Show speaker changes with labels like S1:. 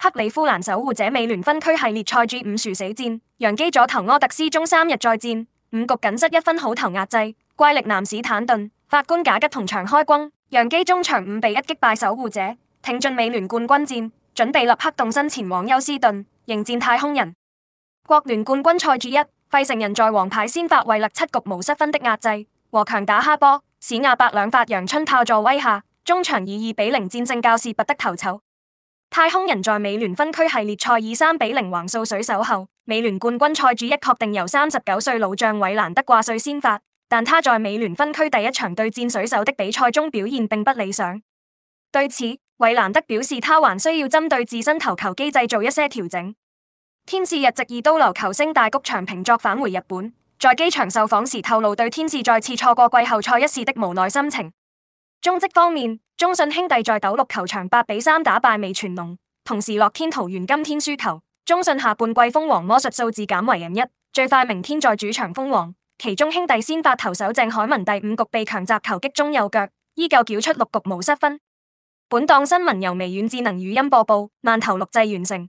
S1: 克里夫蘭守護者美聯分區系列賽 G5 殊死戰，洋基左投柯特斯中三日再戰，五局僅失一分好投壓制，怪力男史坦頓、法官賈吉同場開轟，洋基中場五比一擊敗守護者，挺進美聯冠軍戰，準備立刻動身前往休斯頓迎戰太空人。國聯冠軍賽 G1，費城人在王牌先發維勒七局無失分的壓制和強打哈波、史亞伯兩發陽春炮助威下，中場以二比零戰勝教士，拔得頭籌。太空人在美聯分區系列賽以三比零橫掃水手後，美聯冠軍賽主一確定由三十九歲老將韋蘭德掛帥先發，但他在美聯分區第一場對戰水手的比賽中表現並不理想。對此，韋蘭德表示他還需要針對自身投球機制做一些調整。天使日籍二刀流球星大谷翔平作返回日本，在機場受訪時透露對天使再次錯過季後賽一事的無奈心情。中職方面，中信兄弟在斗六球場八比三打敗味全龍，同時樂天桃園今天輸球，中信下半季封王魔術數字減為人一，最快明天在主場封王。其中兄弟先發投手鄭凱文第五局被強襲球擊中右腳，依舊繳出六局無失分。本檔新聞由微軟智能語音播報，慢投錄製完成。